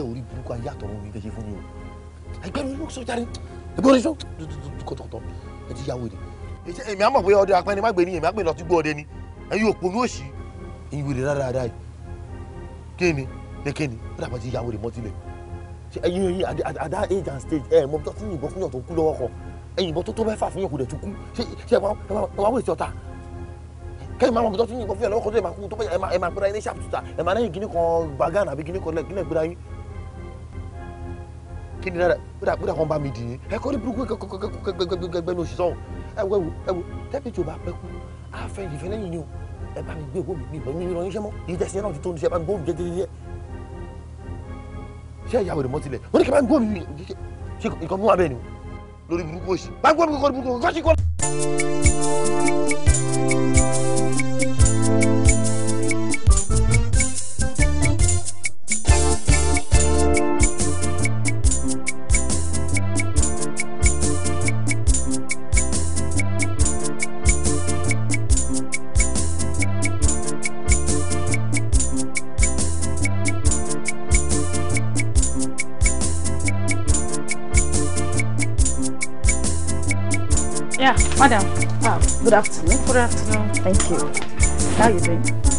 iṣẹ́ orí burúkú ayé àtọ̀run mi fẹ́ ṣe fún mi o ẹgbẹ́ mi ló sọ jáde ẹgbẹ́ mi sọ kọ̀tọ̀kọ̀tọ̀ ẹ ti yàwó èdè. èmi àmọ̀ pé ọdẹ apẹ́ni má gbé ní èmi àgbẹ̀ lọ ti gbọ́ ọdẹ ni ẹ̀yin òpó ní òsì ẹ̀yin wèrè rárára yìí kéènì ní kéènì ó dàgbà ti yàwó rẹ̀ mọ́tìlẹ̀ ẹ̀yin ẹ̀yin àdá age and stage ẹ̀ mọ́ tó ti yìnbọn fún yàn tó kú lọ́wọ́ kan ẹ̀yìn bọ́ tó tó mẹ́fà kẹ́yìn máa mọ̀ tó ti yìnbọn fún yàn lọ́wọ́ kan tó yẹ máa kú tó bá yẹ ẹ̀ máa gbéra yín ní sharp tuta máa náyìn kíní kan gbàgán àbí kíní kan lẹ́gbẹ̀ẹ́ kí ni náírà kódà kódà kan bá mi dì í ẹ kọ́ ní burúkú gbẹgbẹgbẹgbẹgbẹ ní òṣìṣẹ́ ọ̀hún ẹ wọ ẹ wọ tẹ́pì tí o bá pẹ́ kú o ẹ bá mi gbé owó mi mi lọ yín ránṣẹ́ mọ́ èyí tẹ̀sí ti tó ní sẹ́ mi gbó mi jẹ́jẹ́jẹ́ ṣé ìyàwó rẹ̀ mọ́ tilẹ̀ wọ́n ní kí bá mi gbó mi mi ṣe nǹkan mú wa bẹ́ẹ̀ ni lórí burúkú òṣì bá gbó mi kọ́ Good afternoon. Good afternoon. Thank you. How are you doing?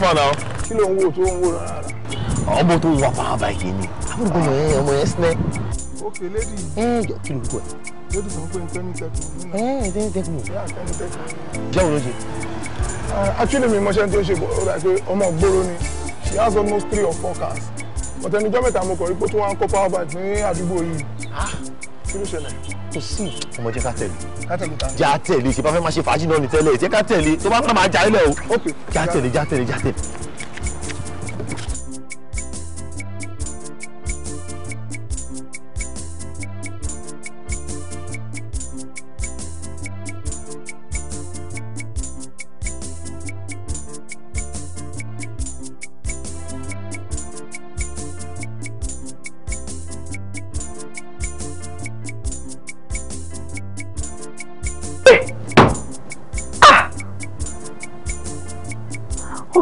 fà náà. kí ló ń wò tó ń wò rárá. ọmọ tó wà fà báyìí ni àbúrò ọmọ yẹn ọmọ yẹn sinẹ. ok lady. ẹ jọ kí ló ń kọ ẹ. lady sọ pé ntẹ́ni tẹ́kùn. ẹ ẹ ntẹ́ni tẹ́kùn. jẹ́wọ́ ló ṣe. Ah, actually mi mọṣẹ́ tó ṣe bọ̀ ọ́ dà ọmọ gbòòrò ni she has almost three or four cars ọ̀tẹ̀ níjọ́ mẹ́ta mo kọ̀ rí pé tí wọ́n á kó power bank ní àdúgbò yìí ah. kí ló ṣẹlẹ̀. kò sí ọmọ jẹ́ tẹ̀lé já tẹ̀lé kí n bá fẹ́ máa ṣe fàájì náà ní tẹ́lẹ̀ ìṣe ká tẹ̀lé tó bá fẹ́ máa já o já tẹ̀lé já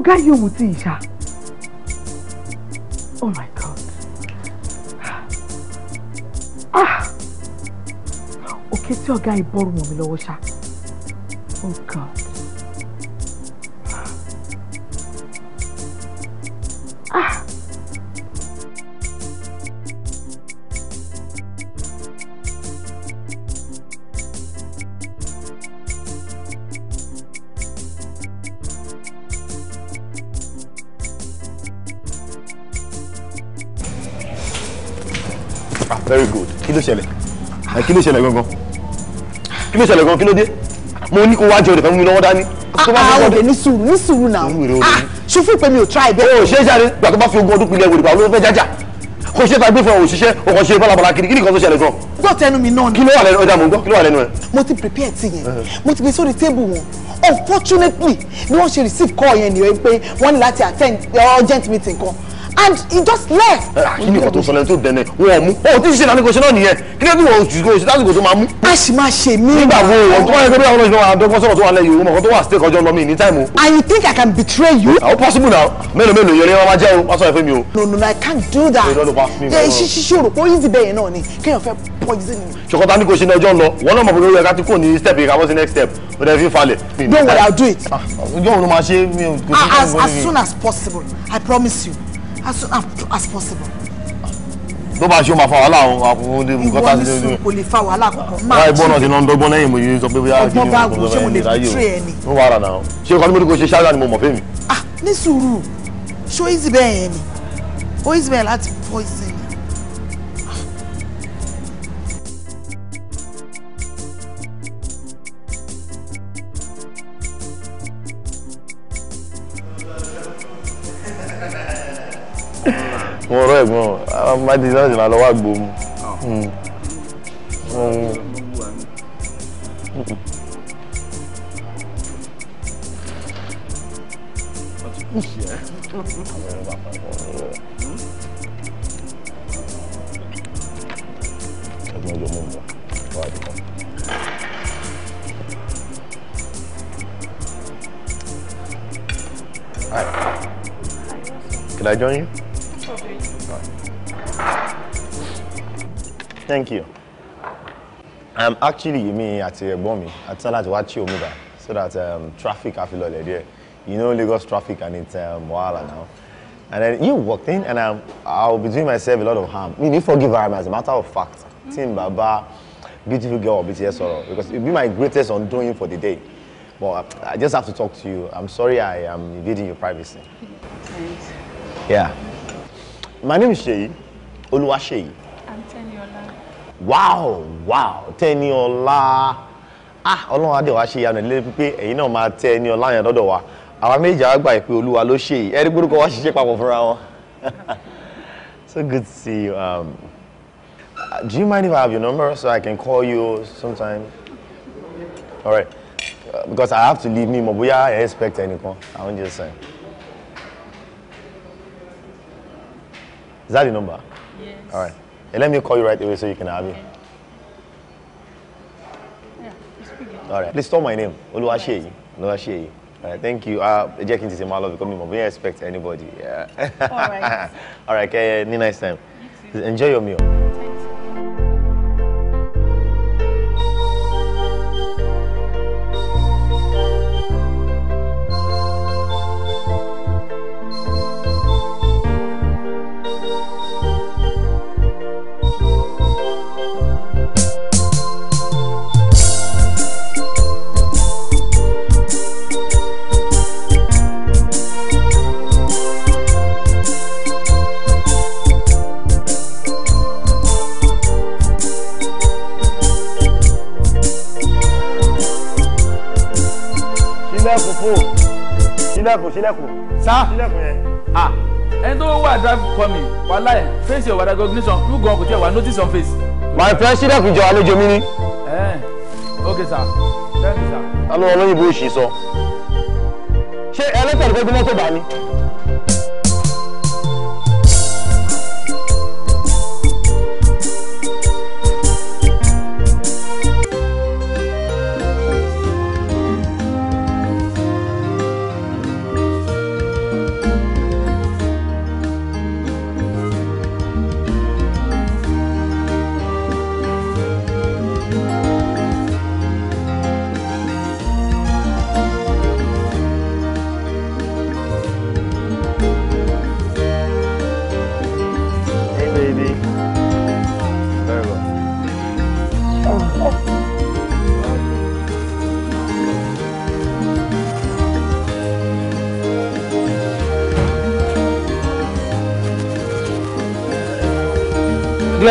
ọ̀gá yìí òun oh my god ah Okay, so ọ̀gá yìí bọ́ọ̀rù mọ̀ mi oh god. kí ló ṣẹlẹ̀ gangan kí ló ṣẹlẹ̀ gangan kí ló dé mo ní kó wá jẹ òdìkan mú mi lọ́wọ́ dání. àwọn ah, ah, òde ní sùúrù ní sùúrù náà ah, ṣùfù pé mi ò try bẹ́ẹ̀. o ṣe é jáde gbà tó bá fi ogún ọdún pilẹ̀ òdìkan ló fẹ́ jájà kò ṣe tá a gbé fún ọ òṣìṣẹ́ o kàn ṣe balabala kiri kí ni kan tó ṣẹlẹ̀ gan. gbọ́ tẹnu mi náà ni. kí ló wà lẹ́nu ọjà mo ń gbọ́ kí ló wà lẹ́nu ẹ. mo ti prepare ti yẹn mo ti gbé sórí tébù wọn unfortunately bí wọ́n ṣe receive call yẹn nìyẹn pé wọ́n ní láti attend urgent meeting kan and he just left. kí ni ìfọ̀tò sọlẹ̀ tó dẹ̀nẹ̀ wọn ò mú o ti ṣe lásìkò ṣe náà nìyẹn kí lẹ́bí wọn oṣù oṣù lásìkò tó máa mú. a sì máa ṣe mí. nígbà wo ọjọ́ wọn ẹgbẹ́ àwọn ọlọ́ṣọ́ àdọ́gbọ́n sọ̀rọ̀ tó wà lẹ́yìn òun ọkọ̀ tó wà stake ọjọ́ lọ́mí ní táìmù. and you think I can betray you. how possible now mélòó mélòó yẹn ni máa jẹ́ o wọ́n sọ ẹ̀fẹ́ mi o. no no I can't do that. ṣòro kó yín ti bẹ̀yẹn náà ni kéèyàn fẹ́ poison mi. ṣòkòtà ní kò ṣe ní ọjọ́ lọ wọn náà mọ̀ pé ó yẹ ká ti kò ní step yìí ká bọ́ sí next step ó dẹ̀ fi falẹ̀. don't worry I will do it. Ah, ọjọ́ òun ló máa ṣe é mi as soon as possible I promise you as soon as, as possible. tó bá ṣe ó máa fa wàhálà àwọn akókó ní kọ́tà sí ojú rẹ̀. ìwọ ni sùn kò lè fa wàhálà kankan máa jẹ́ ìbọn náà ti náà ń dọ́gbọ́n lẹ́yìn mo yìí sọ pé bóyá kí ni mo kò lọ́wọ́ ẹni ráyè o ó wà rà náà ṣé ìkọ́ni mo kò ṣe ṣáájú ni mo mọ̀ fẹ́ mi. ah ní sùúrù ṣó ìzì bẹ́ẹ̀ yẹn ni ó ìzì bẹ́ẹ̀ láti pọ́ mo rọ ẹ̀gbọ́n amadi náà sì máa lọ mu. Can I join you? thank you um, actually me at ẹ̀gbọ́n mi I sọ́dọ̀ àti wá chi omi bá so that um, traffic á fi lọlẹ̀ díẹ̀ you know Lagos traffic and it's um, wahala now and then you walked in and um, I'll be doing myself a lot of harm I mean, you forgive am as a matter of fact tí n bàbá beautiful girl BTS or ẹ because it be my greatest undoing for the day but uh, I just have to talk to you I'm sorry I am invading your privacy. Thanks. yeah my name is Seyi Oluwaseyi wow wow tẹ́ni ọlá ah ọlọ́run adé wa ṣe ìyanu ilé pípé ẹ̀yin náà máa tẹ ẹni ọlá yẹn lọ́dọ̀ wa àwa méjì àwa gbà pé olúwa ló ṣe yìí ẹni gbórúkọ wa ṣiṣẹ́ papọ̀ fúnra wọn so good to see you um, do you mind if I have your number so I can call you sometime all right uh, because I have to leave me mo bóyá I expect ẹnìkan I wan just say is that the number yes all right. Yeah, let me call you right away so you can have me. Yeah, it's All right. Please store my name. Oluwaseyi. Oluwaseyi. All right, thank you. Uh, Jackie is my love come more. We don't expect anybody. Yeah. All right. All right, okay, yeah, nice time. You too. Enjoy your meal. sílẹ̀kùn. sá sílẹ̀kùn yẹn. ah ẹni tó wà drive me. wàhálà ẹ face your recognition you gan kò tiẹ̀ wà notice your face. my friend sílẹ̀kùn jọ àlejò mi ni. ẹ ok sir thank you sir. ta ló wọn lóyìnbó òṣì sọ ṣé ẹlẹ́tẹ̀ẹ́dẹ́gbẹ́gbẹ́ mọ́tò bá ní.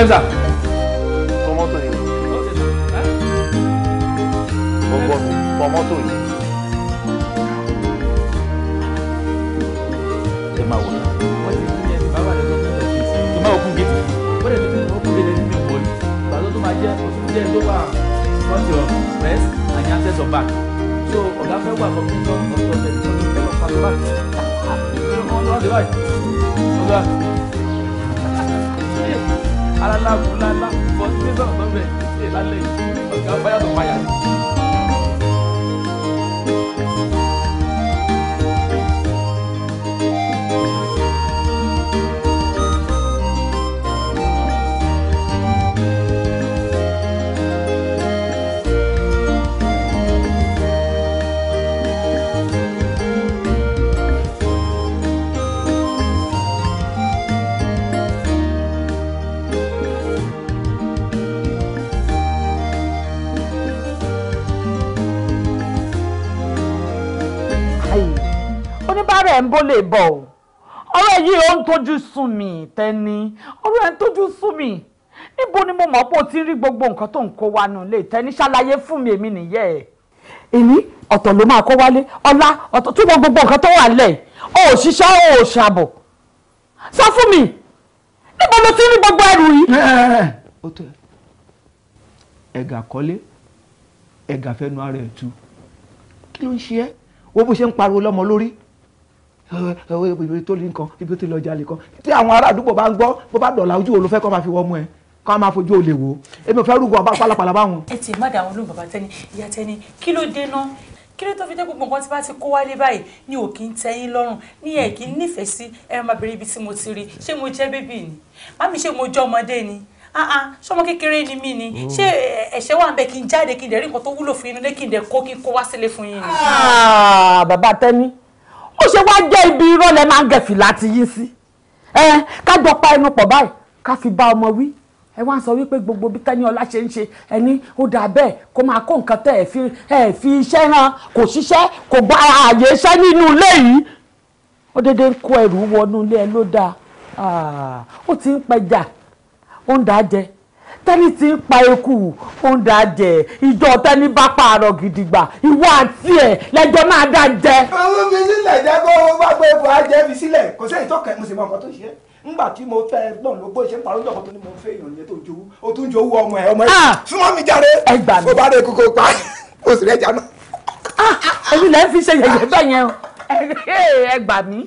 감사합니다. challenge. bó lè bọ̀ o ọ̀rọ̀ yìí ó ń tójú sùn mí tẹ́ni ọ̀rọ̀ ẹ̀ ń tójú sùn mí níbo ni mo mọ̀ pé o ti rí gbogbo nǹkan tó ń kó wa nù lè tẹ́ni ṣàlàyé fún mi èmi nìyẹn ẹ̀. èmi ọ̀tọ̀ ló máa kó wálé ọ̀la ọ̀tọ̀ tó mọ gbogbo nǹkan tó wà lẹ̀ o ò ṣiṣẹ́ o ò ṣàbọ̀ sọ fún mi níbo ló ti rí gbogbo ẹrù yìí. ó tẹ ẹ̀gà kọ́lé ẹ̀gà fẹ́nu ara ẹ̀ tu kí ló ń ṣe ẹ́ wo bó ṣe ń pariwo lọ́mọ lórí ibi tó lè nǹkan ibi tó lè ọjà lè kan tí àwọn ará àdúgbò bá ń gbọ́ bó bá dọ̀la ojú olùfẹ́ kọ́ máa fi wọ́n mú ẹ kọ́ máa fojú olè wò èmi ò fẹ́ rúgbọ́ ọba pálapàla báwọn. ẹ ti má dàwọn lóhùn bàbá tẹni ìyá tẹni kí ló dé náà kí ló tó fi dé gbogbo nǹkan tí bá ti kó wálé báyìí ni ò kí ń tẹ́yín lọ́rùn ní ẹ̀ kí ń nífẹ̀ẹ́ sí ẹ máa bèrè ibi tí mo ti rí ṣé mo jẹ́ bébì ni màmí ṣé mo jẹ́ ọmọdé ni ṣọmọ kékeré ni mí ni mm. ṣé ẹ̀ṣẹ̀ wà ń bẹ kí n jáde kí n dẹ̀ rí nǹkan tó wúlò fún yín nílé kí n dẹ̀ kó kí n kó wá sílé fún yín ah, bàbá tẹ́ni kò ṣe wá jẹ́ ibi irọ́ lẹ máa ń gẹ̀ fìlà ti yín sí ká jọ pa ẹnu pọ̀ báyìí ká fi bá ọmọ wí ẹ wá ń sọ wípé gbogbo bí tẹ́ni ọlá ṣe ń ṣe ẹni ó dà bẹ́ẹ̀ kó máa kó nǹkan tẹ́ ẹ̀ fi ẹ̀ fi iṣẹ́ ran kò ṣiṣẹ́ kò gba ààyè iṣẹ́ nínú ilé yìí ó dédé ń kó ẹrù wọnú ilé ẹ ló dáa ó ti ń pẹja ó ń dà á jẹ tẹ́ni tí ń pa eku òun dà jẹ́ ìjọ tẹ́ni bá pààrọ̀ gidigba ìwọ àti ẹ̀ lẹ́jọ́ máa dà jẹ́. ọ̀run mi sílẹ̀ jẹ́ kó o bá gbé epo ajẹ́ mi sílẹ̀ kò sẹ́yìn tó kẹ́ mo sì mọ nǹkan tó ṣe é ńgbà tí mo fẹ́ gbọ́n ló gbóṣe ń parọ́ ní ọ̀kan tó ní mo fẹ́ èèyàn yẹn tó jowú o tún jowú ọmọ ah! ẹ ọmọ ẹ fún mọ́ mi jáde ó bá rẹ kókó pa kó sì rẹ jáná. Ah! èmi lẹ́ fi ṣe yẹ̀yẹ́ bẹ́ẹ̀ yẹn o ẹ gbà mí.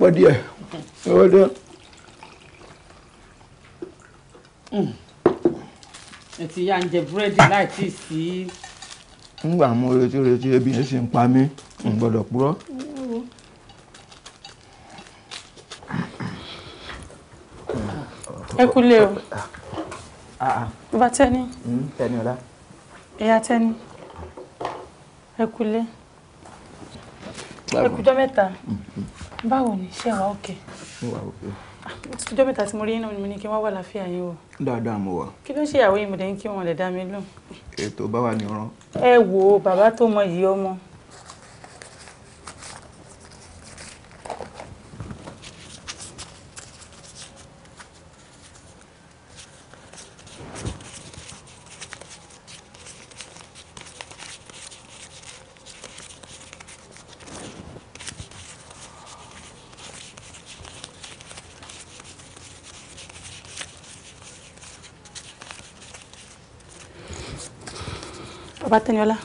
pẹ́ díẹ̀ lọ́wọ́ dé. ètò ìyá ń jẹ búrẹ́dì láì tí ì sí. ńgbà mo retí retí ebi yẹn sì ń pa mí n gbọ́dọ̀ purọ́. ẹ kúlẹ̀ o ah, ah. bá tẹ́ni. Hmm, tẹ́ni ọ̀la. ìyá tẹ́ni ẹ kúlẹ̀ ẹ kújọ́ mẹ́ta. Hmm, hmm báwo ni ṣé wà òkè. mo wà òkè. ọjọ́ mẹ́ta tí mo rí nínú mi ni kí wọ́n wà láfíà yín o. dáadáa mo wà. kí ló ń ṣe ìyàwó yìí mo dẹ̀ ń kí wọn lè dá mi lóhùn. ètò bá wà ní ọ̀ràn. ẹ wo bàbá tó mọ yìí ọmọ Bàbá Tẹniọlá,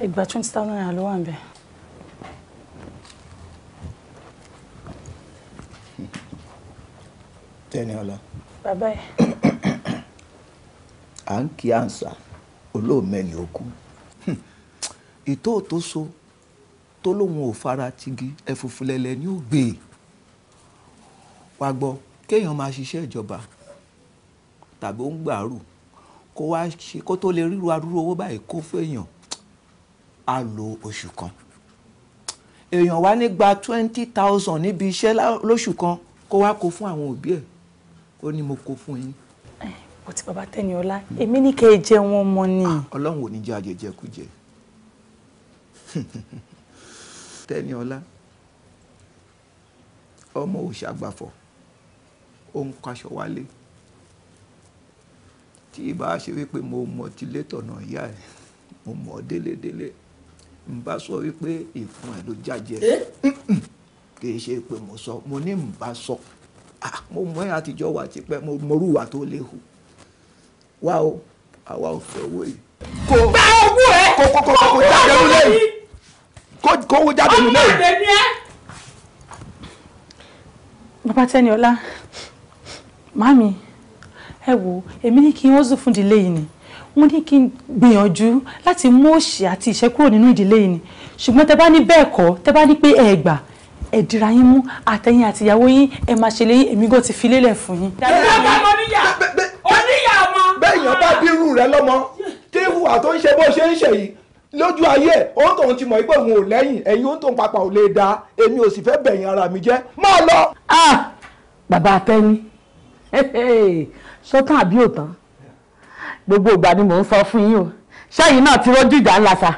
ẹgbàá twenty thousand naira ló wà ń bẹ̀. Tẹniọlá. Bàbá ẹ̀. À ń kí àǹsà olóòmẹ́ni okú. Ìtóòtó so tó lóun ò fara tigi ẹ̀fùfùlẹ̀lẹ̀ ní ògbè. Wàá gbọ́ kéèyàn máa ṣiṣẹ́ ìjọba tàbí ó ń gbàrú kó wá ṣe kó tó lè ríru arúgbó owó báyìí kó fẹ́yàn á lo oṣù kan èèyàn wá ní gba twenty thousand níbi iṣẹ́ lóṣù kan kó wá kó fún àwọn òbí ẹ̀ ó ní mo kó fún yín. kò eh, tí bàbá tẹ̀yìn ọlá èmi ní kẹ́ ẹ jẹ́ wọn mọ́ ni. Ah, ọlọ́run ò ní jẹ́ àjẹjẹkújẹ tẹ́ni ọlá ọmọ òṣàgbàfọ̀ ó ń kaṣọ wálé tí ìbá ṣe wípé mo mọ ti létọ̀nà ìyá ẹ̀ mo mọ̀ ọ́ délédélé n bá sọ wípé ìfun ẹ̀ ló jájẹ eh? kì í ṣe pé mo sọ mo ní n bá sọ mo mọ ẹ àtijọ́ wà tipẹ́ mo mọrú wà tó léwu wá o àwa ò fẹ́ owó yìí. kò gba owó ẹ kò kò kò kò jáde nílé kò owó jáde nílé ọmọ ìdẹ́ni ẹ. bàbá Tẹ́niọlá màmí ẹ wo èmi ní kí n wọ́n zò fún ìdílé yìí ni wọ́n ní kí n gbìyànjú láti mú òṣì àti ìṣẹ́ kúrò nínú ìdílé yìí ni ṣùgbọ́n tẹ bá ní bẹ́ẹ̀ kọ́ tẹ bá ní pé ẹ gbà ẹ dira yín mú àtẹ̀yìn àtìyàwó yín ẹ máa ṣe léyìn èmi gan ti fi lélẹ̀ fún yín. bẹ́ẹ̀yàn bá bírú rẹ lọ́mọ tí ìhùwà tó ń ṣe bó ṣe ń ṣe yìí lójú ayé òun tóun ti mọ̀ pé òun ò lẹ́yìn ẹ̀yìn òun tóun papà ò lè da èmi ò sì fẹ́ bẹ̀yìn ara mi jẹ́ máa lọ. Ah, bàbá àtẹ̀yìn sọ́tàn àbí òtán gbogbo ìgbà ni mò ń sọ fún yín o ṣẹ́yìn náà ti rọ́jú ìjà ńlá sa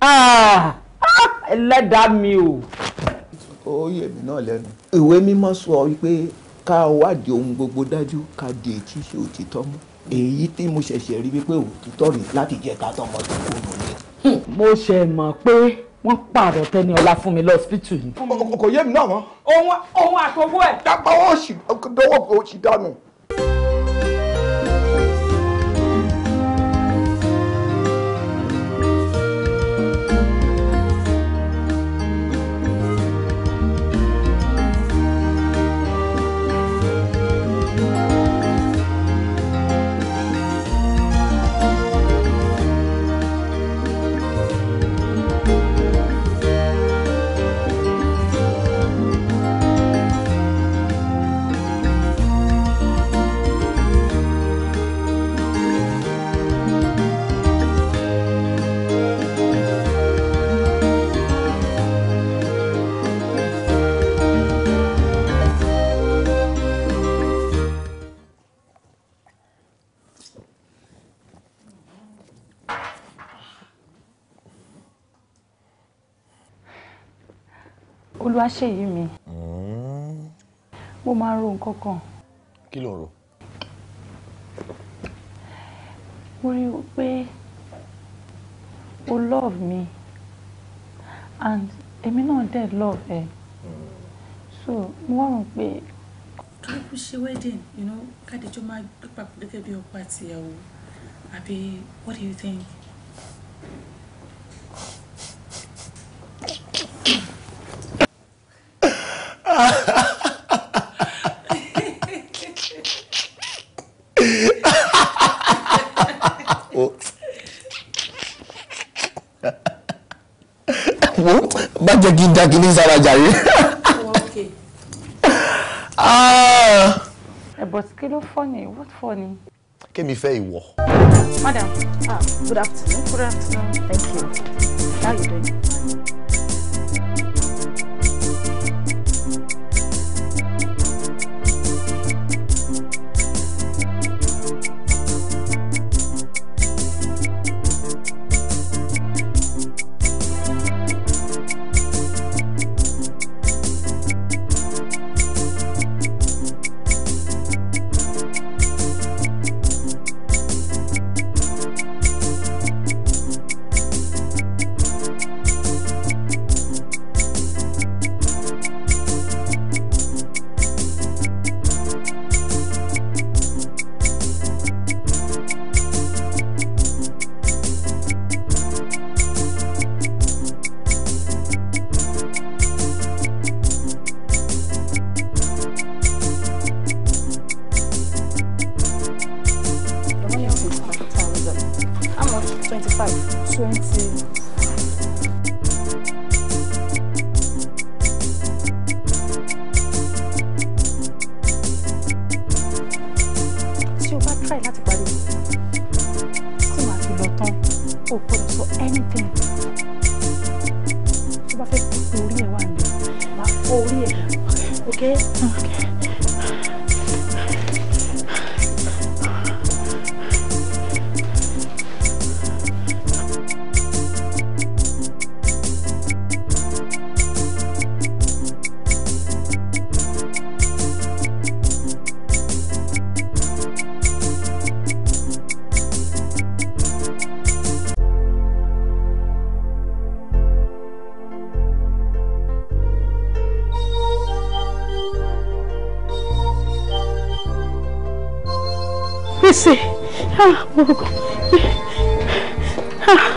ah, ah, ẹlẹ́dàá mi o. ó yẹ mí náà lẹ́nu ìwé mímọ́ sọ wípé ká wádìí ohun gbogbo dájú ká di ètí ṣe òtítọ́ mú èyí tí mo ṣẹ̀ṣẹ̀ rí wípé òtítọ́ rèé láti jẹ́ ká tọmọ tó kó lò ní. mo ṣe mọ̀ pé wọ́n pààrọ̀ tẹ́ni ọlá fún mi lọ́sibítù ni. kò yé mi náà mọ́. ohun àtọwọ́ ẹ̀. dápá ó sì dánù. Olúwaṣèyí mi hmm. mo máa ń ro nǹkan kan. kí ló ń rò. mo rí i pé o love me and èmi náà dẹ̀ love ẹ so mo wá rò pé. kálukú ṣe wedding you know káàdì jọ máa gbé papọ̀ gẹ́gẹ́ bí ọkọ àti ìyàwó àbí what do you think. jẹ́ kí n já kí ní sára jàre. ẹ̀bọ̀ ah. eh, kí ló fọ́ what for ni. kémi fẹ́ ìwọ. madam ah good afternoon good afternoon thank you how you doing. Ah, mo oh, kò. Ah.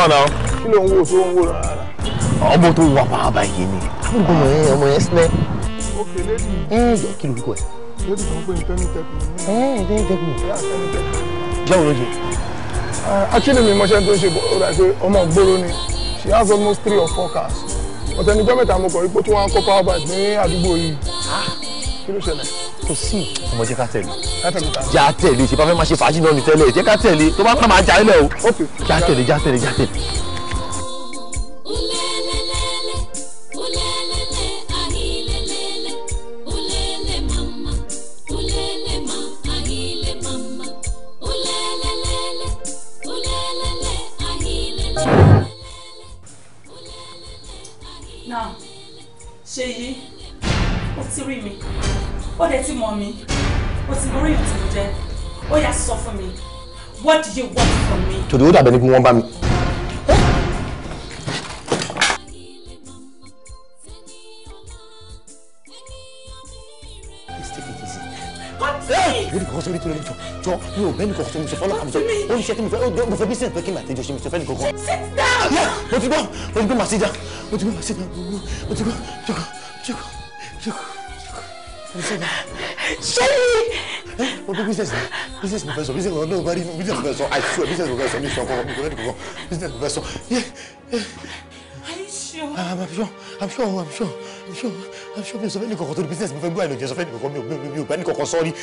fà náà. kí ló ń wo tó ń wo rárá. ọmọ tó wà bá báyìí ni ọmọ yẹn ọmọ yẹn sinẹ. ó kéré jù. ẹ ẹ jọ kí lorúkọ ẹ. lórí kan pé ntẹ́ni tẹ́kùn. ẹ ẹ tẹ́ni tẹ́kùn. báwo ló ṣe. Ah, actually mi mọṣẹ́ tó ń ṣe bọ́ọ̀rọ̀ àti ọmọ gbòòrò ni she has almost three or four cars ọ̀tẹ̀nijọ́ mẹ́ta mo kọ̀ rí pé tí wọ́n á kọ́ power bank ní àdúgbò yìí ah. kí ló ṣẹlẹ̀ kò sí ọmọ jẹ́ ká tẹ̀lé já tẹ̀lé ṣe bá fẹ́ máa ṣe fàájì náà ní tẹ́lẹ̀ jẹ́ ká tẹ̀lé tó bá fẹ́ máa já ilẹ̀ o já tẹ̀lé já tẹ̀lé já tẹ̀lé. ó dàbẹ̀ ni pé wọ́n bá mi. lórí kọ̀ọ̀kan sórí tó lórí jọ jọ mi ò bẹ́ẹ̀ kọ̀ọ̀kan sórí sọ fọlọ́ àmì sọ ó ní iṣẹ́ tí mo fẹ́ ó mo fẹ́ bísí ìpẹ́kì màtí jọ ṣe mi sọ fẹ́ẹ́ kọ̀ọ̀kan. mo ti gbọ́ mo ti gbọ́ màá sí dá mo ti gbọ́ màá sí dá mo ti gbọ́ jọkọ̀ jọkọ̀ jọkọ̀. ṣé o bí business business professor business professor náà bá rí business professor I swear business professor mi sọ kọ́kọ́ mi kò lẹ́nu kọ́kọ́ business professor yeah yeah. Are you sure? I'm sure I'm sure I'm sure I'm sure I'm sure mi sọ fẹ́ ní kọ̀kọ́ tó di business mi fẹ́ gbọ́ àìlòjẹ́ sọ fẹ́ ní kọ̀kọ́ mi ò mi ò bá ní kọ̀kọ́ sọ́ọ́rí. Now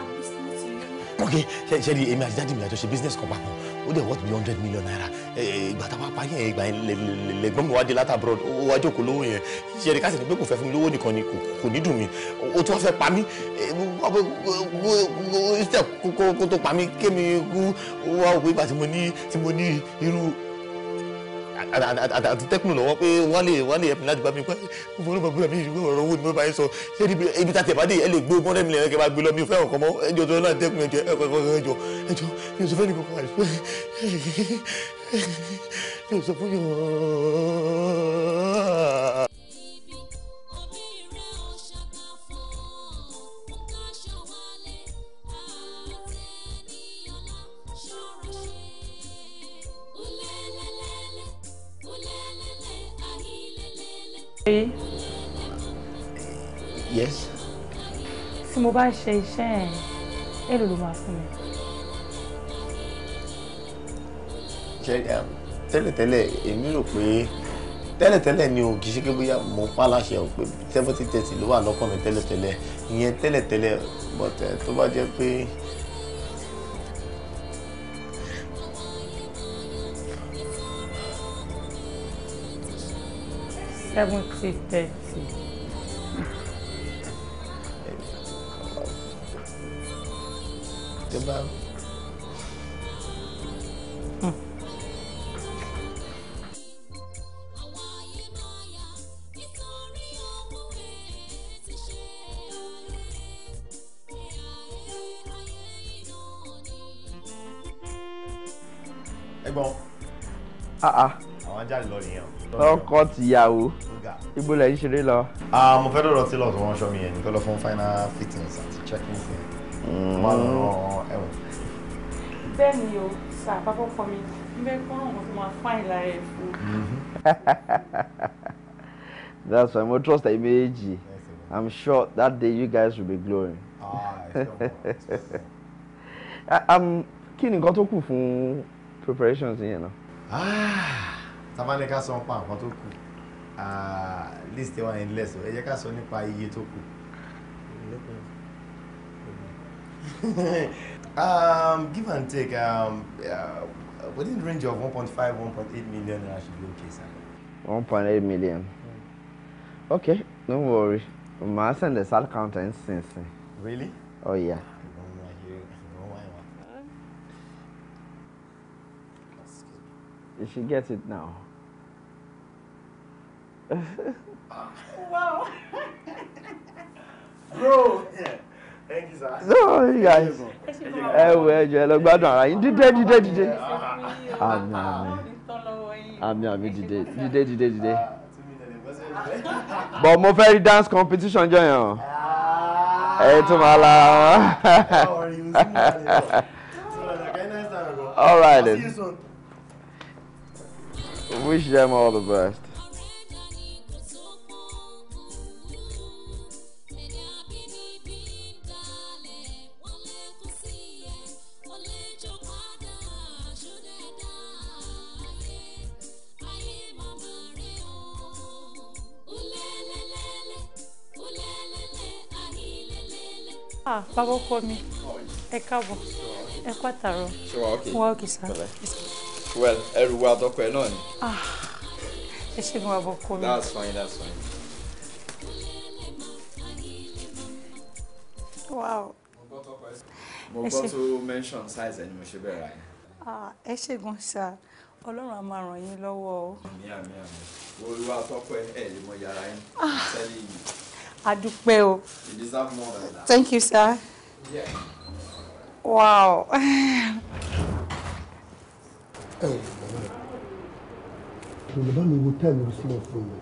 I'm listening to you. Okay ṣe ṣe rí èmi àti dáàdì mi àjọṣe business kan papọ̀ ó dẹ̀ worth bí hundred million naira ìgbà tá a wá parí yẹn ìgbà yẹn lẹ́gbọ́n mi wá dé láti abroad ó wá jókòó lówó yẹn ṣe ẹ̀rí káṣí ni pé kò fẹ́ fún mi lówó nìkan ni kò ní dùn mí ó tún wá fẹ́ pa mí kó tó pa mí kémi wá òpin ìgbà tí mo ní irú àti tẹkùn lọ́wọ́ pé wọ́n lè wọ́n lè ẹ̀pìn láti bá mi pẹ́ mo ló bàbá mi ìwé ọ̀rọ̀ owó ni mo bá yín sọ ṣé ibi tá a tẹ̀bá dé ẹ lè gbé ogún rẹ̀ mílíọ̀nù kẹ́ bá gbé lọ mi ò fẹ́ràn mọ́ ẹjọ́ tó náà tẹkùn ẹjọ́ ẹjọ́ ẹjọ́ ẹjọ́ mi ò sọ fẹ́ni kankan àìsàn mi ò sọ fún yàn. yes. tí mo bá ṣe iṣẹ́ ẹ̀ èlò ló máa fún mi. Um, tẹ́lẹ̀tẹ́lẹ̀ èmi rò pé tẹ́lẹ̀tẹ́lẹ̀ ni o kì í ṣe pé bóyá mo pa láṣẹ o pé seventy thirty ló wà lọ́kàn mi tẹ́lẹ̀tẹ́lẹ̀ ìyẹn tẹ́lẹ̀tẹ́lẹ̀ but eh, tó bá jẹ́ pé. é muito triste Goodbye. É bom. Ah, ah. àwọn ajáde lọ nìyẹn. ọkọ tìyàwó ibo lẹ ń ṣeré lọ. mo fẹ́ dọ̀rọ̀ tailor tí wọ́n ṣọ́ mi yẹn nìkan lọ fún final fittings àti checking yẹn. wọ́n á lọ mm. rán ẹ̀wọ̀n. bẹ́ẹ̀ ni o sà pápọ̀ fọ mi níbẹ̀ kọ́ àwọn tó máa fáìn lára ẹ̀ fún. Mm-hmm. that's why mo trust ẹ méjì i'm sure that day you guys will be glowing. Ah, um, kí ni nǹkan tó kù fún preparations yẹn náà. Ah tamale ká sọ nípa nǹkan tó kù list wa endless ẹ jẹ́ ká sọ nípa iye tó kù. um, give and take um, uh, within the range of one one point five, point eight million naira should be okay sir. One point eight million okay don't worry ma send the sal counter in since. really. oh yeah. You should get it now wow. bro. Thank you, sir. So, you guys. Ẹ wo ẹjọ́ ẹ lọ gbádùn ara yín. Dídé dídé dídé. Àmì àmì. Àmì àmì dídé dídé dídé dídé. But mo fẹ́ rí dance competition jọ yẹn o. Ẹ tún máa la wọn. All right then. Wish them all the best. ah bàbá ọkọ mi ẹ káàbọ̀ ẹ kú àtàrọ̀ wà ókè sá. well ẹrù wa àtọkọ ẹ náà ni. Ah, ẹ ṣe gan bàbá ọkọ mi. that's fine that's fine. wow. mo gbọ́ tó mention size ẹni mo ṣe bẹ́ẹ̀ ra yẹn. Ah, ẹ ṣe gan sá ọlọ́run á máa ràn yín lọ́wọ́ o. àmì àmì àmì olúwa àtọkọ ẹ ẹ lè mọ yàrá yín ah. tẹ́lẹ̀ yìí adúpẹ́ o. thank you sir. wow. ẹ ò mi wo táìmù sí wọn fún mi.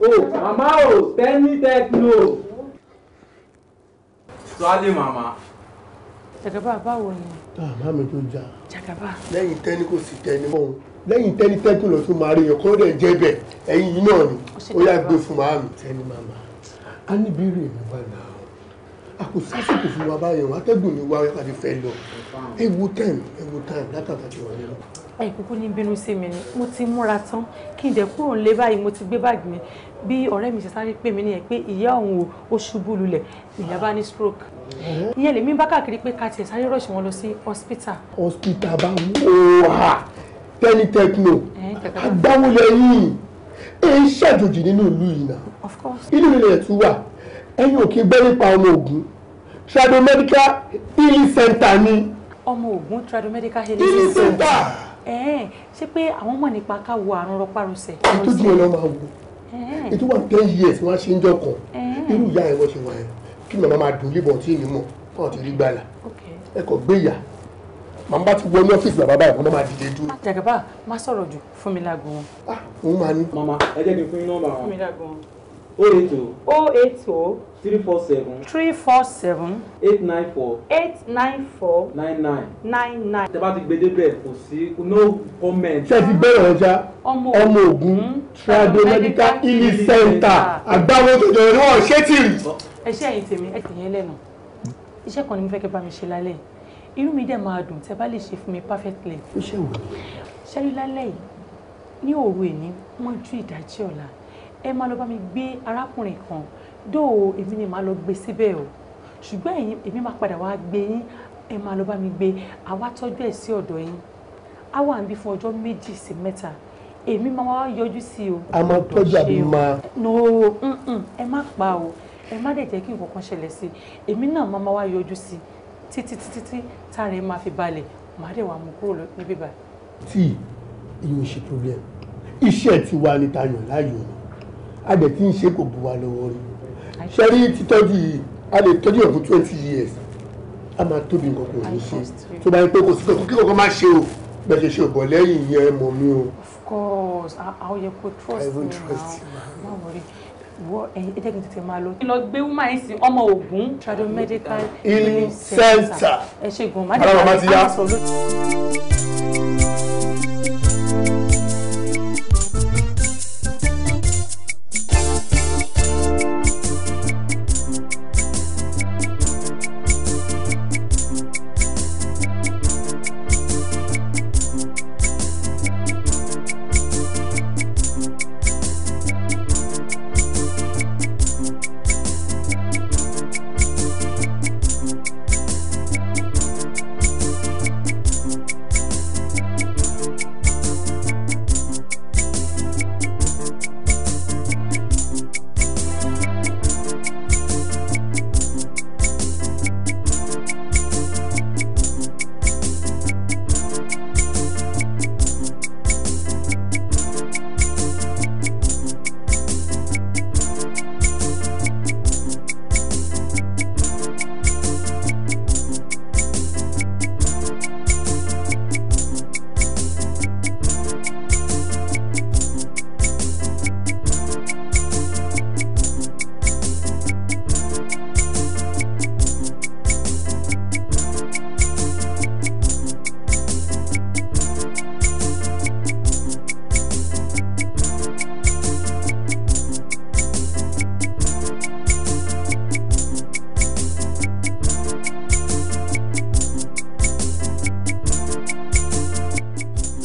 Oh, mama o, oh, tell me that no. Sorry, mama jàgàbá báwo ni. màmá mi tó jà. jàgàbá. lẹ́yìn tẹ́ni kò sí tẹ́ni mọ́ òun lẹ́yìn tẹ́ni tẹ́kù lọ tún máa rí yàn kọ́ dẹ̀ jẹ́ bẹ̀ ẹ̀yìn yìí náà ni ó yà gbé fún màmá mi. tẹ́ni màmá a níbi rí èmi wà náà a kò sásìkò fún wa báyẹn wọn atẹ́gùn ni wa ká ti fẹ́ lọ ẹ wo time ẹ wo time látàkàtì wọn ni lọ ẹ kúkú ní bínú sí mi ni mo ti múra tán kí n dẹ̀ kúrò nílé báyìí mo ti gbé báàgì mi bí ọ̀rẹ́ mi ṣe sáré pè mí nìyẹn pé ìyá òun o ó ṣubú lulẹ̀ ìyá bá ní stroke ìyẹn lèmi bá káàkiri pé ká tiẹ̀ sáré rọ̀ṣì wọn lọ sí hospital. hospital bá wò ó hà tẹ́ni tẹ́kínò àgbáwọlẹ̀ yìí ẹ ń ṣàjòjì nínú ìlú yìí náà inú ilẹ̀ tún wà ẹ̀yin òkè gbẹ́ nípa ọmọ Ògùn Trado Medical Healing Center ni. ọmọ Ògùn Trado Medical Healing Center ṣé pé àwọn mọ̀ nípa ká wo àrùn rọpárọsẹ̀. ìtọ́jú wọn náà máa wò ètò wà ten years wọn ṣe ń jọ kàn irú ìyá ẹ wọ́n ṣe wà yẹn kí màmá máa dùn líbọn tí èmi mọ̀ fáwọn ti rí gbàlà ẹ kò gbé ìyá màmá bá ti wọ ní ọ́fíìsì bàbá báyìí wọ́n máa dìde dúró. Ah, jàgàbá má sọ̀rọ̀ jù fún mi láago wọn. Ah, òun máa ní. màmá ẹ jẹ́ kí n fún yín nọ́mbà wọn. fún mi láago wọn. o oh eight o. Oh. o oh three four seven. three four seven. eight nine four. eight nine four. nine nine. nine nine. tẹ bá ti gbé kò sí no comment. tẹ ti bẹ̀rẹ̀ ọjà ọmọ ogun trado medical healing center àgbáwo tó jọ̀rọ̀ ní wọn ṣé tì rí. ẹ ṣe ẹ̀yin tèmi ẹ tìyẹn lẹ́nu iṣẹ́ kan ni mo fẹ́ kẹ́ bá mi ṣe lálẹ́ inú mi dẹ̀ máa dùn tẹ bá lè ṣe fún mi perfectly. ó ṣe wò. ṣẹ́rí lálẹ́ yìí ní òru èní wọ́n ju ìdájí ọ̀la ẹ máa lọ bá mi gbé arákùnrin kan dóò èmi ni màá lọ gbé síbẹ̀ o ṣùgbọ́n ẹ̀yin èmi máa padà wá gbé yín ẹ máa lọ bá mi gbé àwa tọ́jú ẹ̀ sí ọ̀dọ̀ yín á wà níbí fún ọjọ́ méjì sí mẹ́ta èmi máa wá yọjú sí o. a máa tọ́jú àbí máa. no ẹ má pa o ẹ má dẹ̀ jẹ́ kí nǹkan kan ṣẹlẹ̀ sí i èmi náà máa máa wá yọjú sí i títí títí tí tára ẹ máa fi balẹ̀ màá dẹ̀ wà mú kúrò níbí báyìí. tí ìyóò ṣe problem iṣẹ́ a dẹ̀ ti ń ṣe ṣe títọ́jú yìí a lè tọ́jú ẹ̀ twenty years a máa tóbi nǹkan kò ní ṣe tó bá yẹ pé kò sí kankan kí kankan má ṣe o bẹ́ẹ̀ ṣe ṣe lẹ́yìn yẹn mọ̀ mí o. of course àwọn yẹ kó trust me now má wọrí wọ ẹyin ẹ jẹ́kí n tètè máa lọ. lọ gbé wúmá yín sí ọmọ Ògùn tradomedical healing center ẹ ṣe gùn má dé bá a sọ lójú.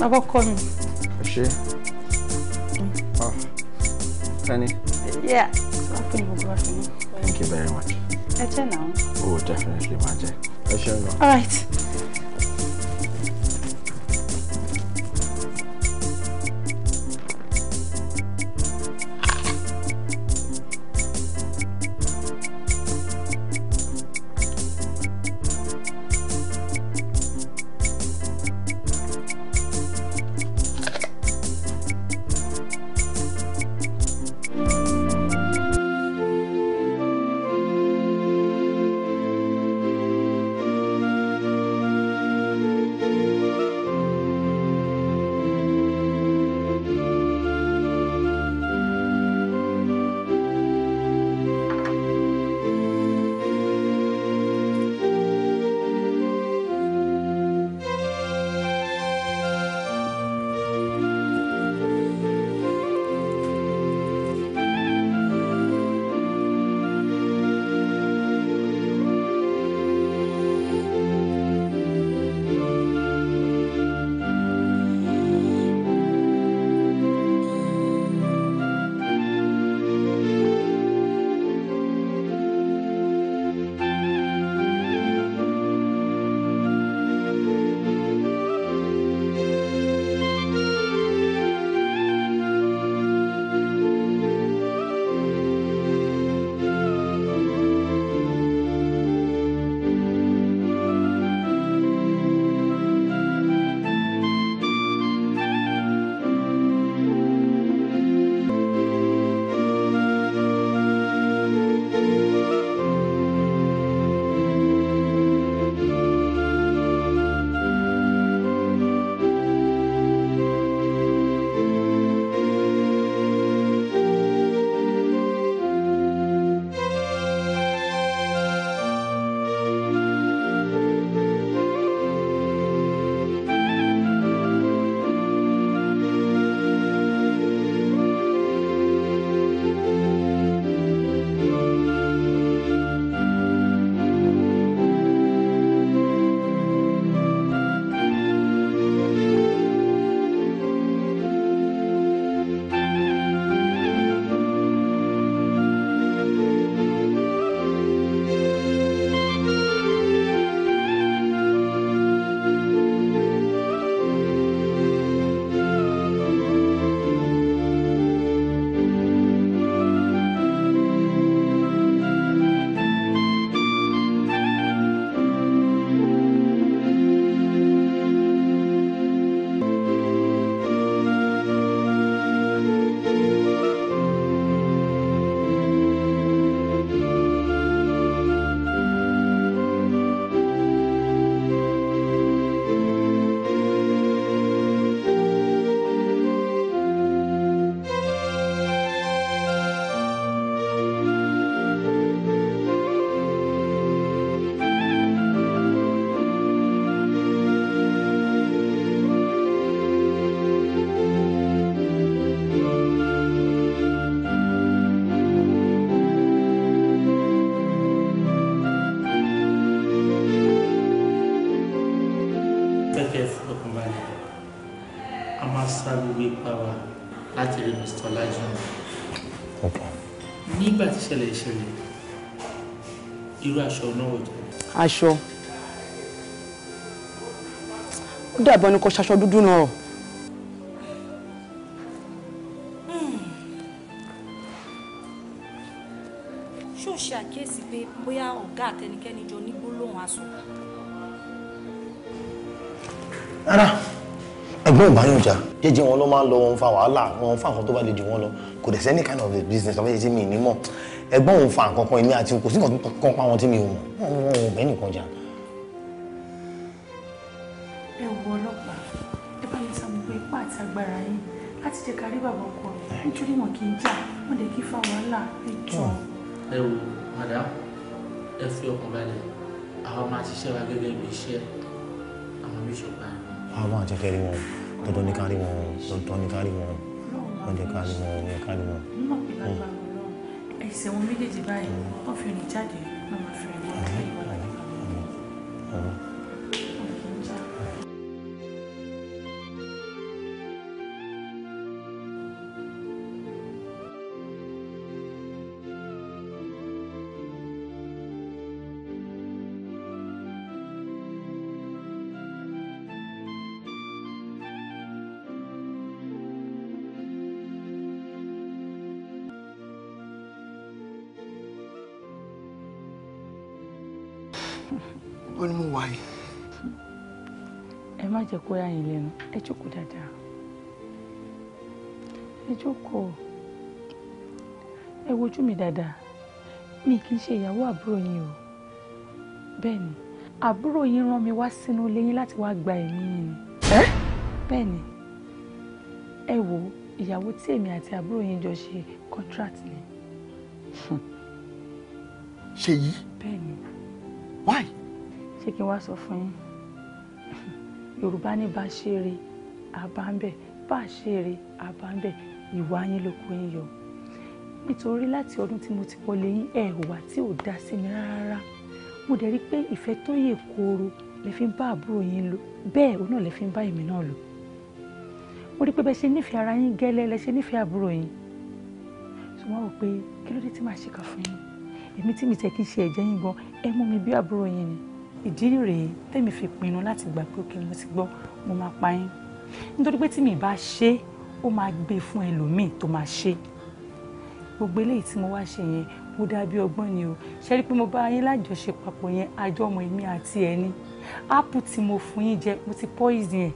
bàbá ọkọ mi. ẹ ṣe tani. yeah láti ní gbogbo thank you very much. ẹ jẹ́ náà. oh definitely máa jẹ ẹ ṣeun náà. all right. ṣẹlẹ̀ ìṣẹ̀lẹ̀ irú aṣọ náà wọ̀ jẹ́. aṣọ ó dàbọ̀ ni kò ṣaṣọ dúdú náà. ṣó hmm. ṣàkíyèsí pé bóyá ọ̀gá àtẹnikẹ́ni jọ ní gbólóhùn aṣọ. rárá ẹgbẹ́ ìbáyọ̀jà jẹ́jẹ́ wọn ló máa ń lọ wọn fa wàhálà wọn fa àwọn tó bá lè jù wọn lọ kò dẹ̀ sẹ́ni kind of business ọ̀fẹ́ yẹn ti mi ní mọ̀ ẹ̀gbọ́n òun fa nǹkan kan èmi àti kò sí nǹkan kan pa wọn tí mi ò mọ̀ wọn ò bẹ́ẹ̀ nìkan jà. ẹ wo ọlọ́pàá ẹ bá mi sọ gbogbo ipá àti agbára yín láti jẹ́ ká rí bàbá ọkọ rẹ̀ nítorí wọn kì í jà wọn lè kí fa wàhálà ẹjọ́. ẹ wo madam ẹ fi ọkàn balẹ̀ àwọn máa ṣiṣẹ́ wa gẹ́gẹ́ bí iṣẹ́ àwọn bíṣọ̀pù àná. àwọn àti kẹrin wọn dandan ní kárí wọn dandan ní kárí wọn wọn jẹ kárí wọn wọn jẹ kárí wọn ẹsẹ̀ wọn méjèèjì báyìí wọ́n fi rìn jáde wọ́n máa fi rìn lọ́wọ́ bó ni mo wà yìí. ẹ má jẹ́ kó yá yín lẹ́nu ẹ jókòó dáadáa ẹ jókòó ẹ wojú mi dáadáa mi kì í ṣe ìyàwó àbúrò yín o bẹ́ẹ̀ ni àbúrò yín rán mi wá sínú ilé yín láti wáá gba ẹ̀mí yín ni. bẹ́ẹ̀ ni ẹ wo ìyàwó tí èmi àti àbúrò yín jọ ṣe contract ni. ṣèyí. bẹ́ẹ̀ ni ṣé kí n wá sọ fún yín yorùbá ní bá ṣe eré àbá ń bẹ bá ṣe eré àbá ń bẹ ìwà yín ló kó yín yọ nítorí láti ọdún tí mo ti wọlé yín ẹ wà tí ò dá sí mi rárá mo dẹ̀ rí i pé ìfẹ́ tó yè kooro lè fi bá àbúrò yín lò bẹ́ẹ̀ òun náà lè fi bá èmi náà lò mo rí pé bẹ́ẹ̀ ṣe nífẹ̀ẹ́ ara yín gẹ́lẹ́ lẹ ṣe nífẹ̀ẹ́ àbúrò yín tó wọ́n rò pé kí ló dé tí màá ṣe kà fún yín èmi tí mi tẹ̀ kí n ṣe ẹ̀jẹ̀ yín gan ẹ mú mi bí àbúrò yín ni ìdí rèé tẹ́mi fi pinnu láti gbà pé òkè mo ti gbọ́ mo máa pa yín nítorí pé tí mi bá ṣe é ó máa gbé fún ẹlòmíì tó máa ṣe é gbogbo eléyìí tí mo wá ṣe yẹn mo dàbí ọgbọ́n ni o ṣe rí i pé mo bá yín lájọṣepapọ̀ yẹn àjọ ọmọ èmi àti ẹni ápù tí mo fún yín jẹ mo ti poison yẹn